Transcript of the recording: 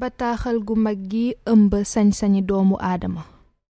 bataaxal gu mag gi ëmb sañ-sañi doomu aadama